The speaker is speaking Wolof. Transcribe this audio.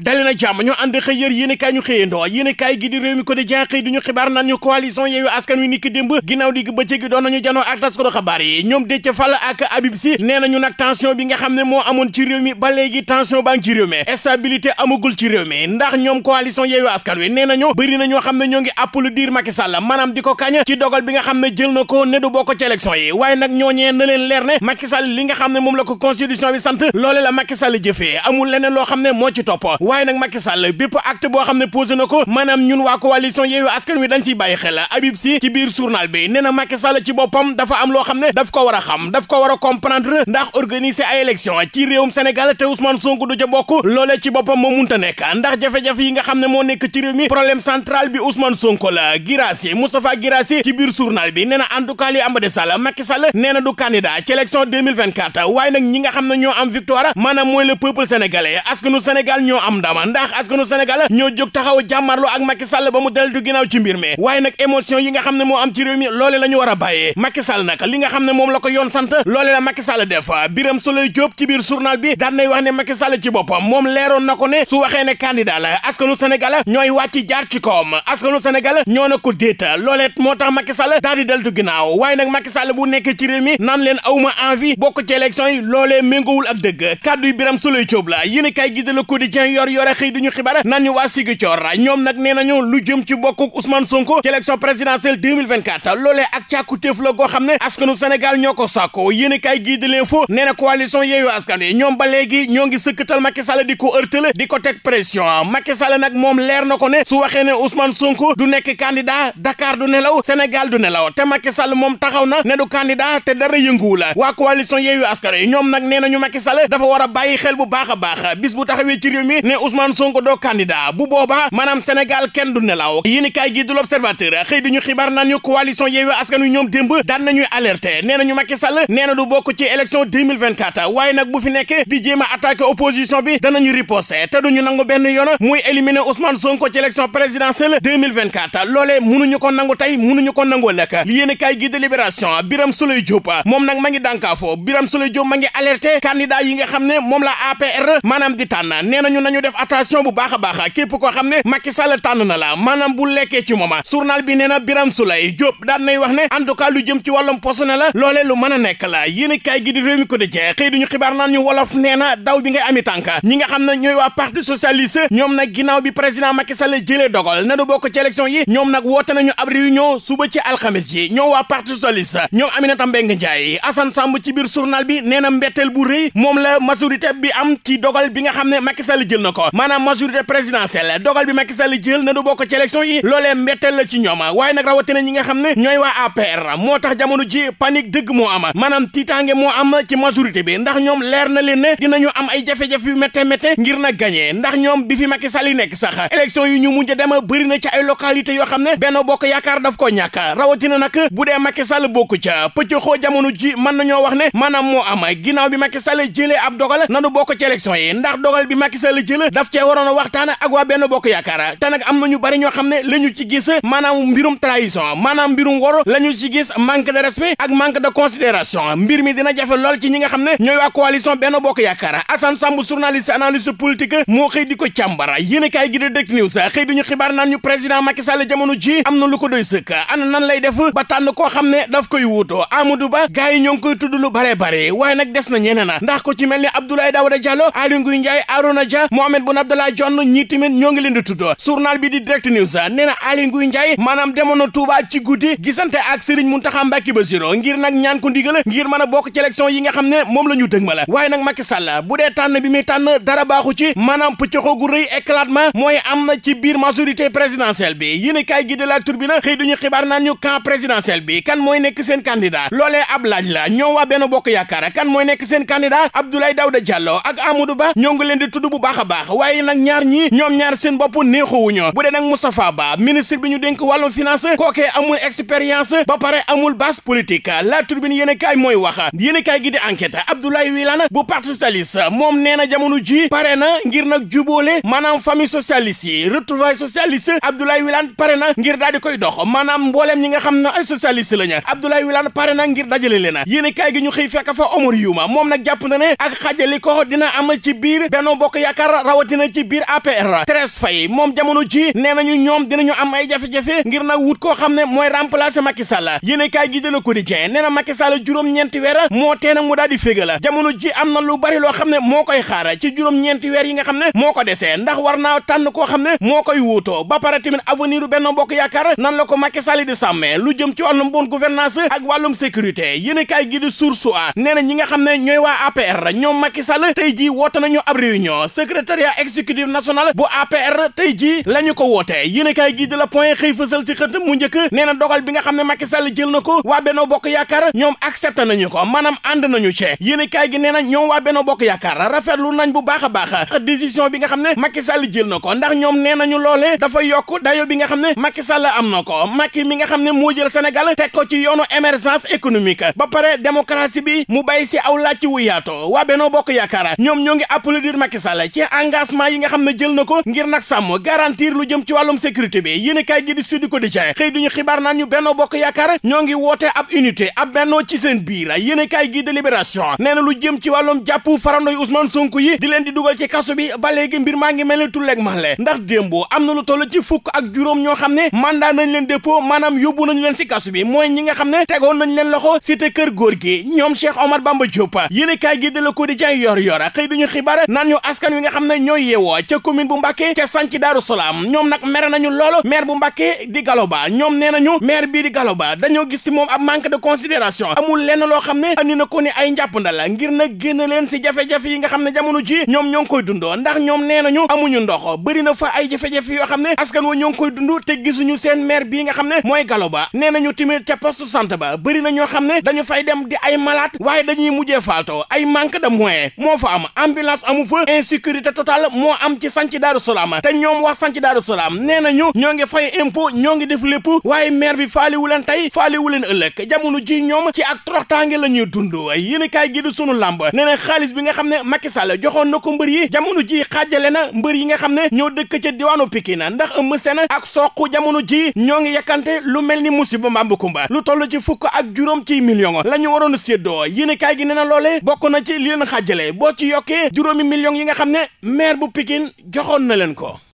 dali na jàmm ñoo ànd xëy yër yéen i kaay ñu xëyandoo yéen i kaay gi di réew mi ko di jenxëy du ñu xibaar naan ñu coalition Askan Wi ni ki démb ginnaaw digg bëccëg gi doon nañu janoo ak taskatu xabaar yi ñoom Déthié Fall ak Habib Sy nee nañu nag tension bi nga xam ne moo amoon ci réew mi ba léegi tension baa ngi ci réew mi stabilité amagul ci réew mi ndax ñoom coalition Yewwi Askan Wi nee nañu bëri na ñoo xam ne ñoo ngi applaudir Macky Sall maanaam di ko kañ ci bi nga xam ne jël na ko ne du bokk ci élection yi waaye nag ñooñee na leer ne Macky Sall li nga xam ne moom la ko constitution bi sant loole la Macky Sall jëfee amul leneen loo xam ne moo ci topp waaye nag Macky sal bépp acte boo xam ne posé na ko maanaam ñun waa coalition Yewwi Askan Wi dañ ciy bàyyi xel Habib Sy ci biir journal bi nee na Macky Sall ci boppam dafa am loo xam ne daf ko war xam daf ko war a comprendre ndax organiser a élection ci réewum Sénégal te Ousmane Sonko du ca bokk loolee ci boppam moo munta nekk ndax jafe-jafe yi nga xam ne moo nekk ci réew mi problème central bi Ousmane Sonko la Girassi Moustapha Girassi ci biir journal bi nee na en tout cas li ambade Sall Macky Sall nee na du candidat waaye nag ñi nga xam ne ñoo am victoire maanaam mooy le peuple sénégalais askanu Sénégal ñoo am am ndama ndax askanu Sénégal ñoo jóg taxaw jàmmarloo ak Macky Sall ba mu dellu ginnaaw ci mbir mi waaye nag émotion yi nga xam ne moo am ci réew a bàyyee Macky Sall nag li nga xam ne moom la ko yoon sant loole la Macky def Birame Souleye Diop ci biir bi daan nay wax ne Macky ci boppam moom leeroon na ko ne su waxee ne candidat la askanu Sénégal ñooy wàcc jaar ci kawam askanu Sénégal ñoo na ko déet loolee moo tax Macky Sall di deltu ginnaaw waaye nag Macky bu nekkee ci mi naan leen awma envie bokk yor yore xëy duñu xibaar naan ñu waa Ziguinchor ñoom nag nee nañu lu jëm ci bokkuk Ousmane Sonko ci élection présidentielle 2024 loolee ak càkkutéef la goo xam ne askanu Sénégal ñoo ko sàkko yéen kay gii di l'info nee na coalition Yewwi ñoom ba léegi ñoo ngi sëkkatal Macky Sall di ko di ko teg pression Macky Sall nag moom leer na ko ne su waxee ne usman Sonko du nekk candidat dakaar du nelaw Sénégal du nelaw te Macky Sall moom taxaw na ne du candidat te dara yënguwu la waa coalition Yewwi Askan Wi ñoom nag nee nañu Macky Sall dafa war a bàyyi xel bu baax a baax bis bu taxawee ci réew mi ne Ousmane Sonko doo candidat bu boobaa maanaam Sénégal kenn du nelaw yéenekaay gi du L'Observateur xëy di ñu xibaar naan ñu coalition Yewwi Askan Wi ñoom démb daan nañuy alerter nee nañu Macky Sall nee na du bokk ci élection 2024 waaye nag bu fi nekkee di jéem a attaquer opposition bi danañu riposter te duñu nangu benn yoon muy éliminer Ousmane Sonko ci élection présidentielle 2024 loolee ko nangu tey mënuñu ko nangu lekk yéenekaay gi de Libération Birame Souleye Diop moom nag ma ngi dànkaafoo Birame Souleye Diop ma ngi alerter candidat yi nga xam ne moom la APR maanaam di tànn nee nañu nañu ñu def attention bu baax a baax képp xam ne Macky Sall tànn na la lekkee ci mooma journal bi nee na Birame Souleye Diop daan wax ne en tout lu jëm ci wàllum personnel la lu mën a nekk la yéen a mi ko di jeex xëy duñu xibaar naan ñu wolof nee daw bi ngay ami tànka ñi nga xam ne ñooy waa parti socialiste ñoom nag ginnaaw bi président Macky Sall dogal na du bokk ci élection yi ñoom nag woote nañu ab réunion suba ci alxames yi ñoom na ko maanaam majorité présidentielle dogal bi Macky Sall jël na du bokk ci élection yi loolee mbetteel la ci moo tax jamono ji panique dëgg moo moo am ci bi ndax ñoom leer na leen ne dinañu am ay jafe-jafe yu métte métte ngir na gagné ndax ñoom bi fi Macky Sall yi nekk sax élection yi ñu mujj dem bëri na ci ay localité yoo xam ne Benno Bokk Yaakaar daf ko ñàkk rawatina nag bu dee Macky Sall bokku ca pëcc xoo jamono ji mën wax ne maanaam moo am ginnaaw bi Macky Sall jëlee ab dogal nanu bokk ci élection dogal bi Macky Sall jël la daf cee waroon a waxtaan ak waa benn bokk yaakaar te am na ñu bari ñoo xam ne la ñu ci gis maanaam mbirum trahison maanaam mbirum wor la ñu ci gis manque de respect ak manque de considération mbir i dina jafe lool ci ñi nga xam ne ñooy waa coalition benn bokk yaakaar Assane Samb journaliste analyste politique moo xëy di ko càmbara yéen kaay gi di Direct News xëy di ñu xibaar naan ñu président Macky Sall jamono ji am na lu ko doy sëkk ana nan lay def ba tànn koo xam ne daf koy wuutoo Amadou Ba gars yi ñoo ngi koy tudd lu bare bare waaye nag des na ñeneen ndax ko ci mel ni Abdoulaye Daouda Diallo Aly Ngouille Ndiaye Arouna Dia Mahammed Boun Abdallah Dionne ñi tamit ñoo ngi leen di tudd journal bi di direct news nee na Aly Ngouille Ndiaye maanaam demoon ci guddi gisante ak Serigne Mountakha Mbacké Bassirou ngir nag ñaan ko ndigal ngir mën a bokk ci yi nga xam ne moom la ñu dëg ma la waaye nag Macky Sall bu dee tànn bi muy tànn dara baaxu ci maanaam pëccaxoo gu rëy éclatement mooy am na ci biir majorité présidentielle bi yéen kaay gi de la turbine xëy duñu xibaar naan ñu camp présidentiel bi kan mooy nekk seen candidat loolee ab laaj la ñoom waa benn bokk yaakaar kan mooy nekk seen candidat Abdoulaye Daouda Diallo ak Amadou Ba ñoo ngi leen di tudd bu baax a baax baax waaye nag ñaar ñi ñoom ñaar seen bopp neexuwuñu bu dee nag Moustapha Ba ministre bi ñu dénk wàllum finance kookee amul expérience ba pare amul base politique la turbine yéen a kaay mooy wax yéen a kaay gi di enquête Abdoulaye Wilane bu parti socialiste moom nee na jamono ji pare na ngir nag jubóole maanaam famille socialiste yi retrouvailles socialiste Abdoulaye Wilane pare na ngir daal di koy dox maanaam mbooleem ñi nga xam ne ay socialiste la na ngir dajale leen a kaay gi ñu xëy fekk fa Omar Youma moom nag na ne ak xajali ko dina am ci biir Bokk Yaakaar rawatina ci biir APR Thérèse fay moom jamono ji nee nañu ñoom dinañu am ay jafe-jafe ngir nag wut koo xam ne mooy remplacer Macky Sall yéene kaay gi de Le Quotidien nee na Macky Sall juróom-ñeenti weer moo tee nag mu daal di fégal jamono ji am na lu bari loo xam ne moo koy xaar ci juróom-ñeenti weer yi nga xam ne moo ko desee ndax war na tànn koo xam ne moo koy wuutoo ba pare tamit avenir u Benno nan la ko Macky Sall di sàmmee lu jëm ci wàllum bonne gouvernance ak wàllum sécurité yéene kaay gi di Source A nee na ñi nga xam ne ñooy waa APR ñoom Macky Sall tey ji woote nañu ab réunion secrétaire secrétariat exécutif national bu APR tey jii la ñu ko wootee yéenekaay gi di la point xëy fësal ci xët mu njëkk nee na dogal bi nga xam ne Macky Sall jël na ko waa Benno Bokk Yaakaar ñoom accepté nañu ko maanaam ànd nañu ci yéenekaay gi nee na ñoom waa Benno Bokk Yaakaar rafetlu nañ bu baax a baax décision bi nga xam ne Macky Sall jël na ko ndax ñoom nee nañu loolee dafa yokk dayo bi nga xam ne Macky Sall am na ko ma Macky mi nga xam ne moo jël Sénégal teg ko ci yoonu émergence économique ba pare démocratie bi mu bàyyi si aw laaj ci wuyaatoo waa Benno Bokk Yaakaar ñoom ñoo ngi applaudir Macky Sall ci engagement yi nga xam ne jël na ko ngir nag sàmm garantir lu jëm ci wàllum sécurité bi yéen kaay gi di Sud Quotidien xëy duñu xibaar naan ñu Benno Bokk Yaakaar ñoo ngi woote ab unité ab bennoo ci seen biir yéen kaay gi de Libération nee na lu jëm ci wàllum jàpp farandoy Ousmane sunk yi di leen di dugal ci kaso bi ba léegi mbir maa ngi mel ni tulleeg maxle ndax démboo am na lu toll ci fukk ak juróom ñoo xam ne man mandat nañ leen dépôt maanaam yóbbu nañu leen si kaso bi mooy ñi nga xam ne tegoon nañ leen loxo cité kër góor gi ñoom Cheikh Omar Bamba Diop yéen kaay gi de Le Quotidien yor yor xëy duñu xibaar naan ñu askan wi nga xam na ne ñooy yeewoo ca commune bu Mbàkke ca sànc Daaru Salaam ñoom nag mere nañu loolu maire bu Mbàkke di galo Galoba ñoom nee nañu maire bii di Galoba dañoo gis si moom ab manque de considération amul lenn loo xam ne andi na ko ni ay njàppandal ngir na génn leen si jafe-jafe yi nga xam ne jamono ji ñoom ñoo ngi koy dundoo ndax ñoom nee nañu amuñu ndox bëri na fa ay jafe-jafe yoo xam ne askan wa ñoo ngi koy dund te gisuñu seen maire bii nga xam ne mooy Galoba nee nañu timit ca poste santé ba bëri na ñoo xam ne dañu fay dem di ay malade waaye dañuy mujjee faalto ay manque de moyen moo fa am ambulance amu fa insécurité total moo am ci sanc Daaru Salaam te ñoom waa sanc Daaru Salaam nee nañu ñoo ngi fay impôt ñoo ngi def lépp waaye maire bi faaliwu leen tey faaliwu leen ëllëg jamono ji ñoom ci ak toroxtaange la ñuy dund yéenekaay gi di sunu làmb nee na xaalis bi nga xam ne Macky Sall joxoon na ko mbër yi jamono ji xaajale na mbër yi nga xam ne ñoo dëkk ca diwaanu Pikine ndax Eumeu Sène ak Sokh jamono jii ñoo ngi yakkante lu mel ni musiba mbambu kumba lu toll ci fukk ak juróom ci million la ñu waroon séddoo yéenekaay gi nee na loole bokk na ci li leen xaajale boo ci yokkee juróomi million yi nga xam ne maire bu Pikine joxoon na leen ko